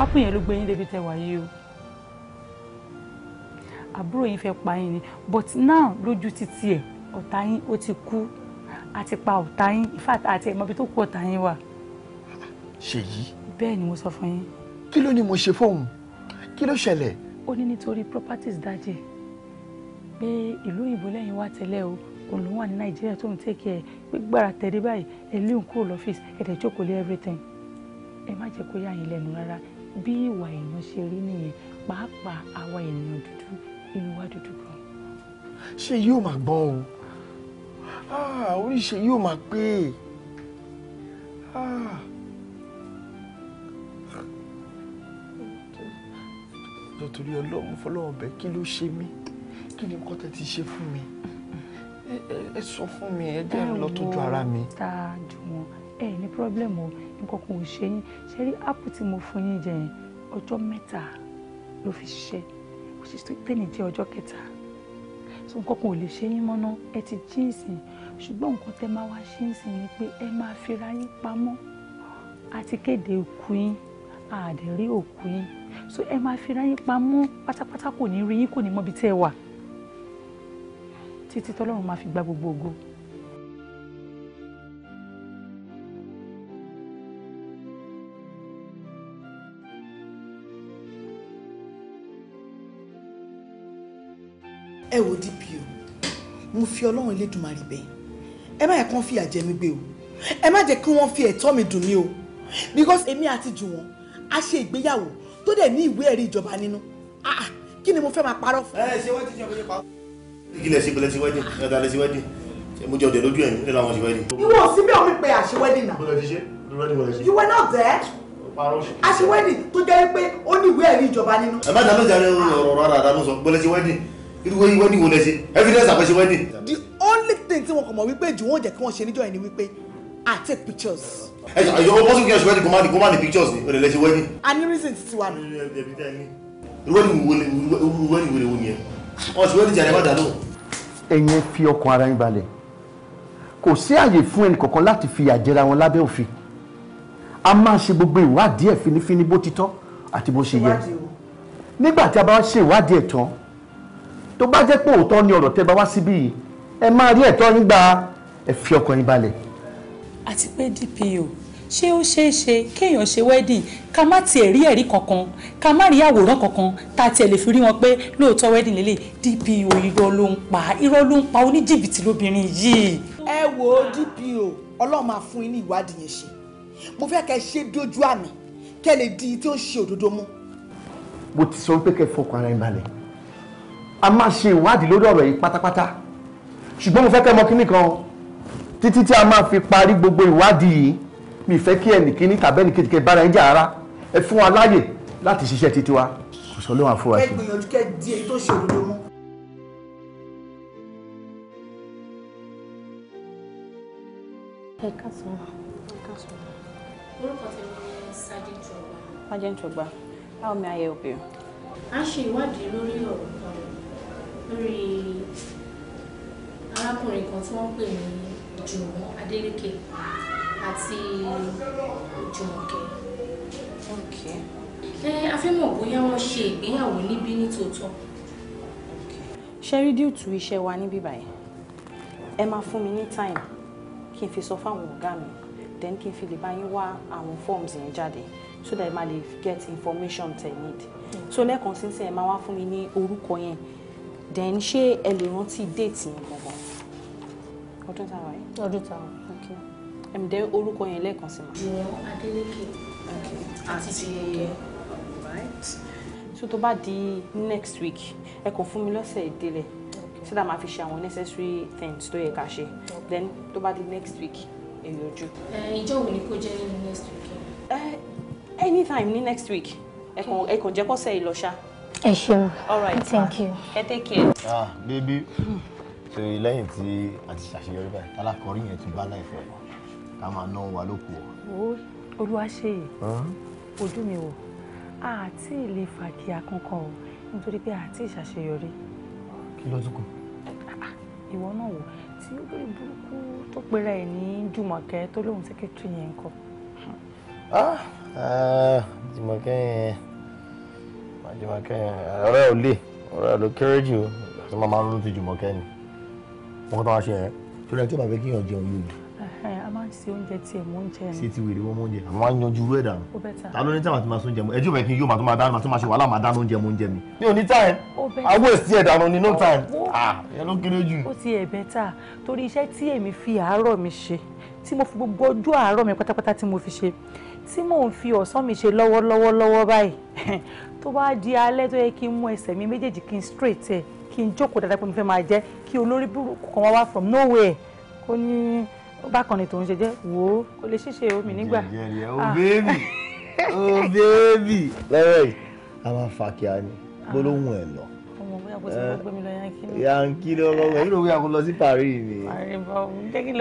ápù yẹn ló gbé yín débi tẹ wáyé o àbúrò yín fẹ́ pa yín ni but now lójú títí ẹ̀ ọ̀tá yín ó ti kú àti pa ọ̀tá yín ìfàtà àti ẹ̀mọ́bi tó kú ọ̀tá yín wà. ṣèyí. bẹ́ẹ̀ ni mo sọ fún yín. kí ló ní mo ṣe fóun kí ló ṣẹlẹ̀. ó ní nítorí properties dájẹ́ pé ìlú òyìnbó lẹ́yìn wá tẹ́lẹ̀ o òun ló wà ní nàìjíríà tó ń tẹ̀kẹ́ ẹ̀ pé gbàrà tẹ̀lé báyìí ẹ̀ lé kúrò lọ́fíìsì ẹ̀ dẹ̀ jókòó lé everything ẹ má jẹ́ kó yà yín lẹ́nu rárá bí ìwà èèyàn ṣe rí nìyẹn pàápàá àwa ènìyàn dúdú inú wa dúdú gan. ṣé yóò máa gbọ́n o oríṣi yóò máa pé nítorí ah. ọlọ́run fọlọ́run bẹ́ẹ̀ kí ló ṣe mí kí ni nǹkan tẹ́ ti ṣe fún mi ẹ sọ fún mi ẹ jẹ́ ń lọ tọ́jú ara mi. tá a jù wọn ẹ ní pírọ́blẹ̀mù o nǹkan kan ò ṣe yín ṣe rí áàpù tí mo fún yín jẹ yẹn ọjọ́ mẹ́ta ló fi ṣiṣẹ́ kò sì tó tẹ̀lé jẹ́ ọjọ́ kẹta so nǹkan kan lè ṣe yín mọ́ná ẹ ti jíǹsì ṣùgbọ́n nǹkan tẹ́ máa wá ṣe ń sìn ni pé ẹ máa fira yín pamọ́ àti kéde òkú yín àdẹ̀rí òkú yín so ẹ máa fira yín pamọ́ pátápátá kò ní rí yín kò ní mọ́bi tẹ́ ẹ wà títí tọ́lọ́run máa fi gba gbogbo ògo. ẹ wo DPO mo fi ọlọ́run Elédùmarè bẹ́ẹ̀ ẹ má yẹ kí wọ́n fi àjẹ mi gbé o ẹ má jẹ́ kí wọ́n fi ẹ̀tọ́ mi dùn mí o because èmi àti Jùwọ́n a ṣe ìgbéyàwó tó dẹ̀ ní ìwé ẹ̀rí ìjọba nínú ah, ah kí ni mo fẹ́ máa parọ́ fún. ẹ ṣe wájú ìjọba yẹn pa. ìkìlẹ̀ ṣe pẹ̀lẹ́ síwájú ẹ̀dá lẹ síwájú mo jẹ ọ̀dẹ̀ lójú ẹ̀yìn nílẹ̀ àwọn síwájú. ìwọ sí bí omi pe àṣewẹ́dì náà. bọ́lá ti ṣe lọ́dún wọlé ṣe. you were not there. àṣewẹ́dì tó jẹ́ pé ó ní ìwé ẹ̀rí ìjọba nínú. ẹ má dáná jàre ọ̀rọ̀ rárá àdánù sọ bọ́lá ti wẹ́dì irú wẹ́dì wo lẹ ṣe evidence àfẹ́ṣe wẹ́dì only thing tí wọn kò mọ̀ wípé jù wọ́n jẹ́ kí wọ́n ṣe níjọ́ yẹn wípé i take pictures. ẹ ṣe àyọ wọ́n tún kí ẹ ṣe wedding kó má ní kó má ní pictures ni o lè lè ṣe wedding. a ní reason ti tiwa. wedding wo ni wedding wo ni wo ni ẹ wọ́n ṣe wedding jẹ́ àyẹ̀wò àdánù. ẹ̀yin fi ọkàn ara yín balẹ̀ kò sí àyè fún ẹnì kọ̀ọ̀kan láti fi àjẹra wọn lábẹ́ òfin a máa ṣe gbogbo ìwádìí ẹ̀ finifini bó ti tọ́ àti bó ṣe yẹ nígbà tí a bá ṣe ìwádìí ẹ̀ tán tó bá jẹ́ pé òótọ́ ni ọ̀rọ̀ tẹ́ bá wá síbí yìí ẹ máa rí ẹ̀tọ́ yín gba ẹ fi ọkàn yín balẹ̀. àti pé DPO ṣé ó ṣeé ṣe kéèyàn ṣe wedding ká má tiẹ̀ rí ẹ̀rí kankan ká má rí àwòrán kankan tá a tiẹ̀ lè fi rí wọn pé lóòótọ́ wedding lélẹ̀ DPO irọ́ ló ń pa irọ́ ló ń pa oníjìbìtì lóbìnrin yìí. ẹ wo DPO ọlọ́run máa fún yín ní ìwádìí yẹn ṣe mo fẹ́ kẹ́ ṣe dójú àmì kẹ́ lè di tí ó ń ṣe òdodo mú. mo ti sọ pé kẹ́ fọkàn ara ẹ balẹ̀ a máa ṣe ìwádìí lórí ọ̀rọ̀ yìí pátápátá ṣùgbọ́n mo fẹ́ kẹ́ mọ kíní kan títí tí a máa fi parí gbogbo ìwádìí yìí mi fẹ́ kí ẹnìkíní tàbí ẹnìkejì kẹ́ bára yín jà rárá ẹ fún wa láàyè láti ṣiṣẹ́ títí wa kò sọ lóhùn àfúrásì. ẹ gbìyànjú kẹ́ di èyí tó ṣe òdodo mú. ẹ ká sọ ẹ ká sọ. orúkọ tèmi ni Sergeant Ogba. Sergeant Ogba how may I help you. a ṣe ìwádìí lórí ọ̀rọ̀ lórí arákùnrin kan tí wọ́n pè ní Jùwọ́n Adélékè àti Jùmọ̀kẹ́. ẹ a fẹ́ mọ̀ bóyá wọ́n ṣe ìgbéyàwó níbí ní tòótọ́. ṣe rí díùtù iṣẹ́ wa níbí báyìí ẹ máa fún mi ní time kí n fi sọ fáwọn ọ̀gá mi then kí n fi lè bá yín wá àwọn forms yẹn jáde so that ẹ máa lè get information tẹ́ need so lẹ́ẹ̀kan sínsìn ẹ máa wá fún mi ní orúkọ yẹn then ṣé ẹ lè rántí déètì yẹn gbọ̀ngàn ọdún tá a wà yìí. ọdún tá a wà yìí. ok ẹ̀mìdẹ́ orúkọ yẹn lẹ́ẹ̀kan sí ma. ìyẹn Adeleke àti Jùmọ̀kẹ́ so tó bá di next week ẹ kàn fún mi lọ́sẹ̀ ìdílé so that màá fi ṣe àwọn necessary things tó yẹ ká ṣe then tó bá di next week ẹ yọjú. ìjọ wo ni kò jẹ́ nínú next week. anytime ní next week ẹ kàn ẹ kàn jẹ́ kọ́sẹ̀ ìlọ́ṣà. ẹ ṣeun thank you. ẹ take care. ah baby. Hmm ṣe lẹ́yìn tí a ti ṣàṣeyọrí báyìí alákọ̀ọ́rí yẹn ti bá láìpẹ́ ká máa ná wa lóko. Olúwaṣeyì ojú mi wò àti ilé fàkíyà kankan o nítorí pé àti ìṣàṣeyọrí. kí ló tún kù. Ah, ìwọ náà wò tí olórí burúkú tó pera ẹ̀ ní Jùmọ̀kẹ́ tó lóun sẹ́kẹ́tìrì yẹn ń kọ́. Jùmọ̀kẹ́ ah, eh, yẹn Jùmọ̀kẹ́ yẹn ọ̀rẹ́ ò lè ọ̀rẹ́ ò lè kéré jù ó tó máa ń ronú ti Jùmọ̀kẹ́ ni wọn tó wá ṣe ẹ tó lẹ́yìn tó bá fẹ́ kí èèyàn jẹun yóò ni. a máa ń se oúnjẹ tí ẹ̀ mọ́ oúnjẹ ni. ṣé ti wèrè wọ́n mọ́ oúnjẹ àwọn máa ń yanjú rẹ̀ dànù. ó bẹ́ẹ̀ ta ta ló ní táwọn àti máa sún jẹ mu ẹjọ́ bẹ́ẹ̀ kí n yóò máa tó máa dáná máa tó máa ṣe wàhálà máa dáná oúnjẹ mu oúnjẹ mi. mi ò ní time awo èsì ẹ̀ dànù ni no time ah ẹ ló kéré jù. ó ti ẹ̀ bẹ́tà torí iṣẹ́ tí èmi fi àárọ̀ mi ṣe tí mo fi gbogbo ọjọ́ àárọ̀ mi pátápátá tí mo fi ṣe tí mò ń fi ọ̀sán mi ṣe lọ́wọ́lọ́wọ́ lọ́wọ́ báyìí tó bá di alẹ́ tó yẹ kí n mú ẹsẹ̀ mi méjèèjì kí n straight ẹ̀ kí n jókòó dáadáa pé mo fẹ́ máa jẹ́ kí olórí burúkú kan wá from nowhere kó ní bákan ni tòun ṣe jẹ́ wò ó kó lè ṣiṣẹ́ omi nígbà. jẹjẹrẹ o bẹẹbi o bẹẹbi. lẹ́rẹ̀ yìí a máa fa kíá ni ah. gbólóhùn ẹ̀ lọ. ọmọ bóyá kò sí kó gbé mi lọ yankí ni. yankí ni ọlọ́wọ́ ẹ̀yìn eh. àkó lọ sí Paris ni.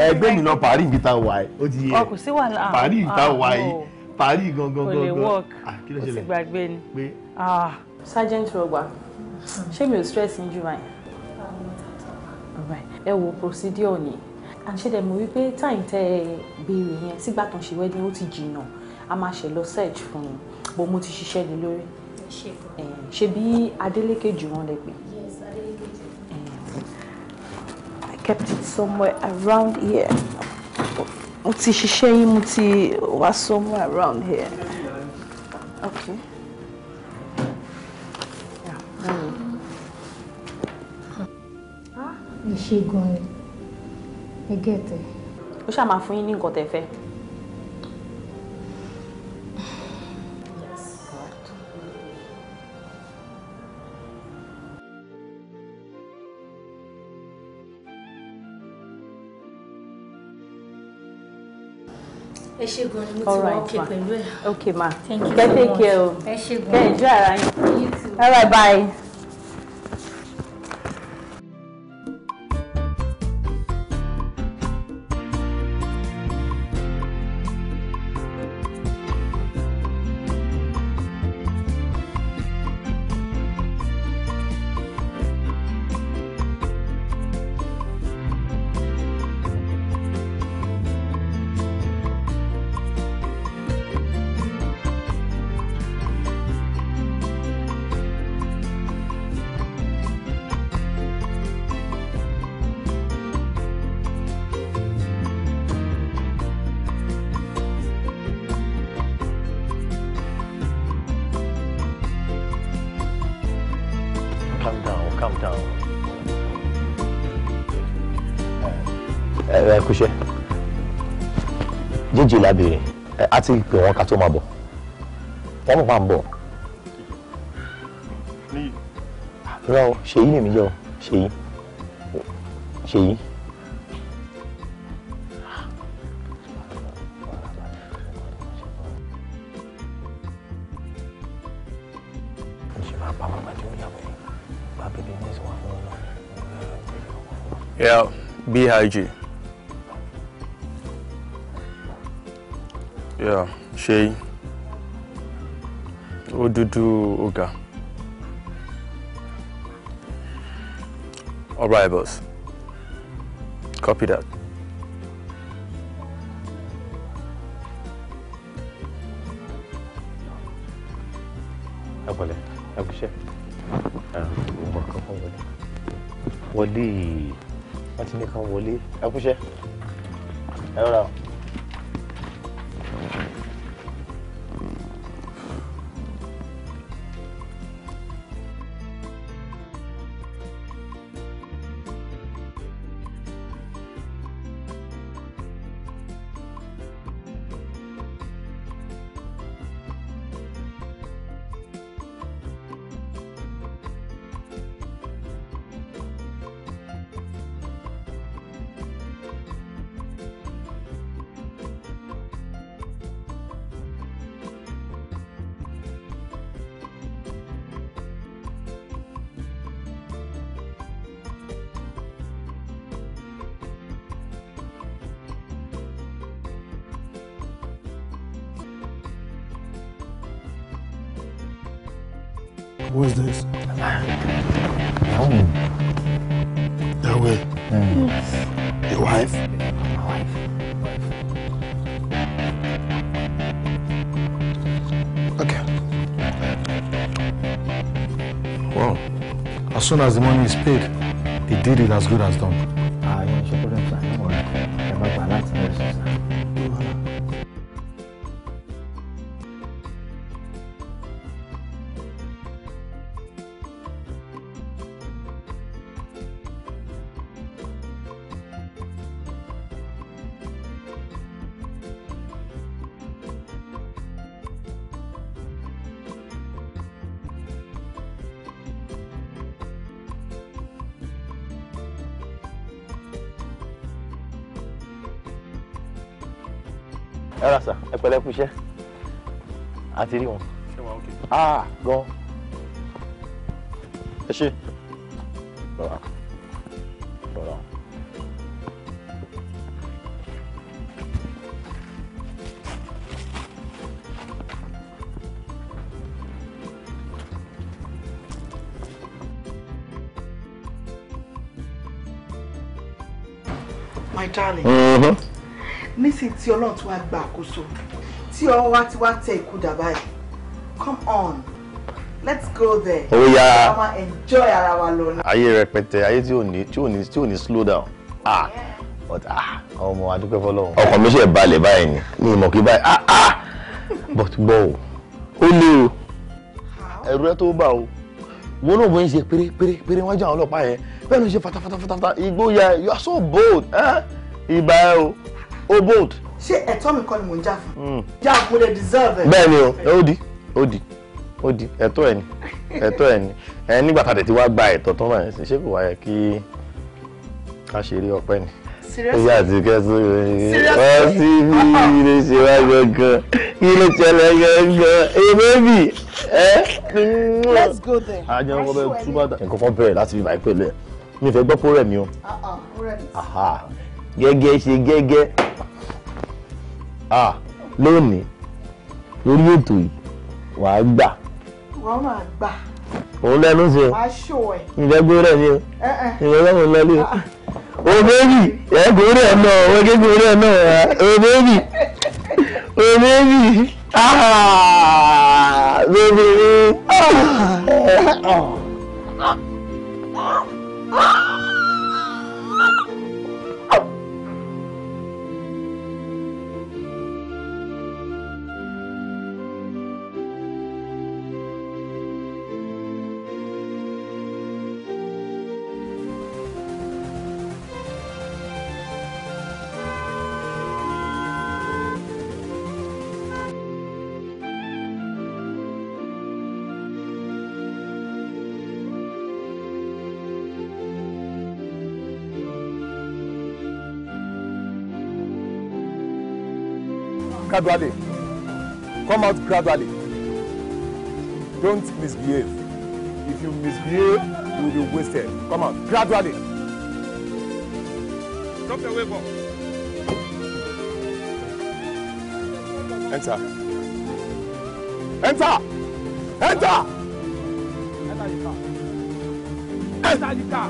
ẹgbẹ́ eh, mi lọ Paris ibi tá a wà ó ti yẹ Paris ibi tá a wà yìí oh, ah, Paris gangan ah, gangan kò lè wọ́ọ̀kì kò sì gbàgbé ni. Sergeant Rogba ṣé mi ò stress ń jù báyìí. ẹ wo procedure ni à ń ṣe dẹ̀ mọ̀ wípé time tẹ́ ẹ béèrè yẹn sígbà tó ń ṣe wedding ó ti jìnnà a máa ṣe lọ search fún un bó mo ti ṣiṣẹ́ ni lórí. ṣe bí Adeleke jù wọn lẹ pé. I kept it somewhere around here mo ti ṣiṣẹ́ yín mo ti wá somewhere around here. okay. ìṣe gan ni ẹ gẹ̀tẹ̀. ó ṣáà fún yín ní nǹkan tẹ́ fẹ́. ẹ ṣe gan ni mo ti wá òkè pẹ̀lú ẹ. ok ma thank you so much ẹ ṣe gan ni. ẹ jẹ́ ara yín. all right bye. béèrè a ti pè wọ́n ká tó máa bọ̀ wọ́n mọ̀ pa ń bọ̀. rọ ṣèyí lèmi jọ ṣèyí ṣèyí. Yeah, BHG. yeah ṣe ó dúdú ó all right boss copy that. ẹ pẹ̀lẹ́ ẹ kúṣẹ́ ọmọ kan kan wọlé wọlé wọn ti ní kan wọlé ẹ kúṣẹ́ soon as the money is paid, the deal is as good as done. ẹ pẹ̀lẹ́ kú iṣẹ́ àti rí wọn. ah gan. ẹ ṣe. rọra rọra. My darling. Mm-hmm nísìnyí tí ọlọ́run ti wá gba àkóso tí ọwọ́ wa ti wá tẹ ìkúdà báyìí come on let's go there. ó oh, yá a máa enjoy ara wa lọ. ayé rẹpẹtẹ ayé tí ò ní tí ò ní tí ò ní slow down ah but ah ọmọ adúpẹ́ fọlọ́run. ọkàn mi ṣe balẹ̀ báyìí ni mi ìmọ̀ kí báyìí ah ah but gbọ́ o ó lé o ẹ̀rù rẹ tó bá o wọn náà bóyá ń ṣe péré péré péré wájú àwọn ọlọ́pàá yẹn bẹ́ẹ̀ ló ṣe fatafatafatafata igbó ya you are so bold ibà ah, ẹ o o bold. ṣé ẹ̀tọ́ mi kọ́ ni mò ń jà fún. Hmm. jà mo lè deserve ẹ̀. bẹ́ẹ̀ni o ó di ó di ó di ẹ̀tọ́ ẹ̀ ni ẹ̀tọ́ ẹ̀ ni ẹ̀ nígbà tá a tètè wá gba ẹ̀tọ́ tán báyìí sí ṣé kò wáyé kí ká ṣe eré ọpẹ́ ni. ìyá àti kẹsàn án ọ sí bí ilé ṣe wá gangan ilé ṣẹlẹ̀ gangan ebébì ẹ. let's go there. àjọ ọkọ bẹ́ẹ̀ túbọ̀ dà. nǹkan kan bẹ̀rẹ̀ láti fi bàá pẹ̀lú ẹ̀ mi ò fẹ́ gbọ́ pọ́rẹ̀ mi o. Uh-uh, gẹ́gẹ́ ṣe gẹ́gẹ́ ah lónìí lórí ètò yìí wàá gbà. wọ́n máa gbà. òun lẹ́nu ṣe. wàá ṣò ẹ̀. ìrẹ́gbẹ́ rẹ̀ ni o. ìrẹ́gbẹ́ mi lọ́lé o. o bébì ẹ̀gbẹ́ rẹ̀ náà o gẹ́gẹ́ rẹ̀ náà o bébì o bébì bébì. Ah! gradually come out gradually don't misbehave if you misbehave you will be wasted come out gradually. drop your wave enter enter enter. enter the car. enter the car.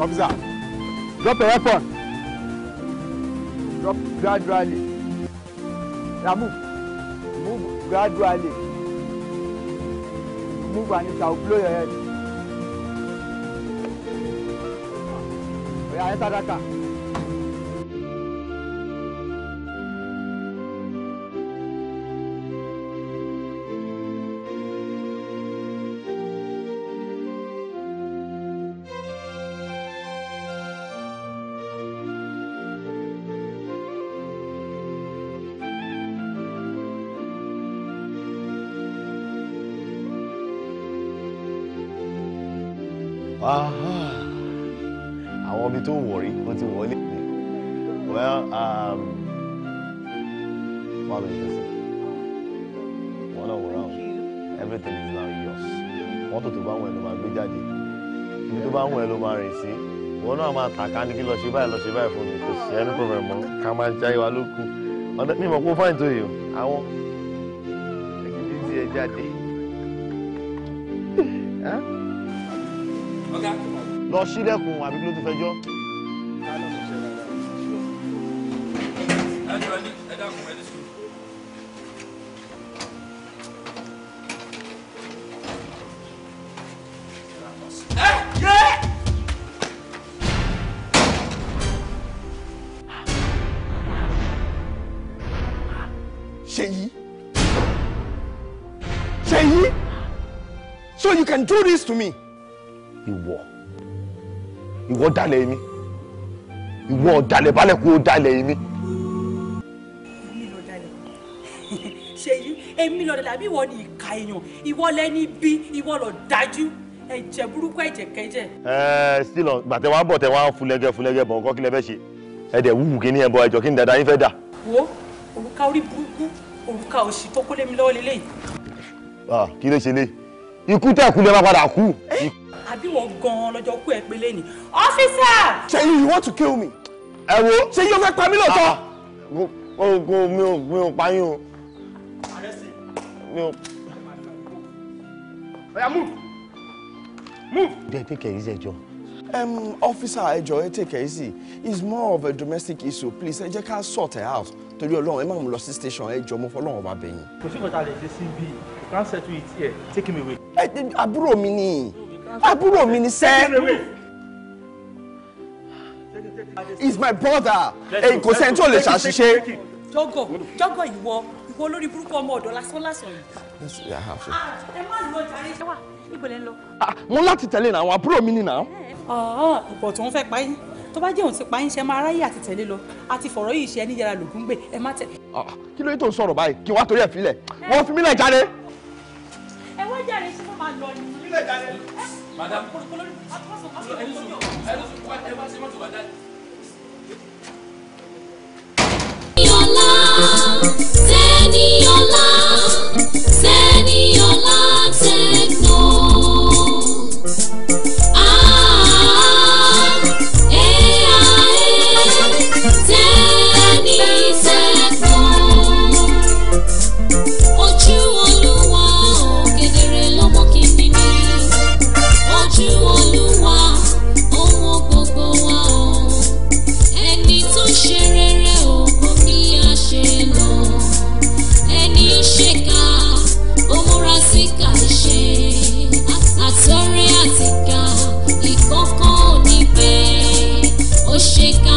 officer drop your weapon drop gradually na move move gradually move and it will blow your head We are enter that car. ẹ̀ no problem mọ́ ká máa ń jáyé wa lókun ọ̀dọ́ mímọ̀ kó fáìn tó yìí o àwọn ẹ̀gídí tí ẹ jáde. lọ sílẹ̀kùn àbí kí ló ti fẹjọ́. and do this to me. ìwọ ìwọ dalẹ̀ mi ìwọ dalẹ̀ balẹ̀ kò dalẹ̀ mi. ṣèyí èmi lọ dalẹ̀ àbí ìwọ ni ìka èèyàn ìwọ lẹni bí ìwọ lọ dájú ẹ̀jẹ̀ burúkú ẹ̀jẹ̀ kẹjẹ. ẹ still on gbàtẹ wàá bọ̀ tẹ wàá fúlẹ́gẹ́ fúlẹ́gẹ́ bọ̀ nǹkan kí lẹ fẹ́ ṣe ẹ dẹ̀ wúwú kí ni ẹ bọ ẹjọ́ kí ni dada yín fẹ́ dà. wo òrùka orí burúkú òrùka òṣì tó kólé mi lọ́wọ́ lélẹ́yìí. Ah, kí ló ṣe léyìí ikú tẹ̀ kú lè má padà kú. Eh? àbí wọ́n gan-an lọ́jọ́ kú ẹ pé lẹ́nu. ọ́físà. ṣèyí you want to kill me. ẹ wo. ṣèyí o fẹ́ pa mí lóòótọ́. gbogbo ah, mi ò mi ò pa yín o. mi ò. oya move move. bẹ́ẹ̀ pé kẹ̀yìn ṣẹjọ. Um, officer, ẹ jọ̀ọ́, ẹ take it easy. It's more of a domestic issue. Please, ẹ jẹ́ ká sort it out torí ọlọ́run ẹ má mú lọ sí station ẹ jọ mo ọba bẹ̀yìn. kò sí ìkọta lè ṣe sí bí you settle it here take him away. àbúrò mi ni àbúrò mi ni sẹ́. he's my brother. kò sẹ́ni tó lè ṣàṣìṣe. jọgọ jọgọ ìwọ ìwọ olórí burúkú ọmọ ọ̀dọ̀ lásán lásán yìí. Ah, ẹ má lọ jàre ṣé wà níbo lẹ ah, mo láti tẹ̀lé àwọn àbúrò mi ni náà. ọ̀ọ́ ìbọ̀ tó ń fẹ́ pa yín tó bá jẹ́ òun ti pa yín ṣe máa ráyè àti tẹ̀lé lọ àti fọ̀rọ̀ yìí ṣe ẹni yàrá lògùn gbè ẹ má tẹ̀. Ah, ah, kí ló yẹ tó ń sọ̀rọ̀ báyìí kí wàá torí ẹ̀ filẹ̀ wọ́n fi mí jáde. ẹ wọ́n jáde ṣé wọ́n máa lọ ni. ilé jáde. madam ẹni sùn ẹ shake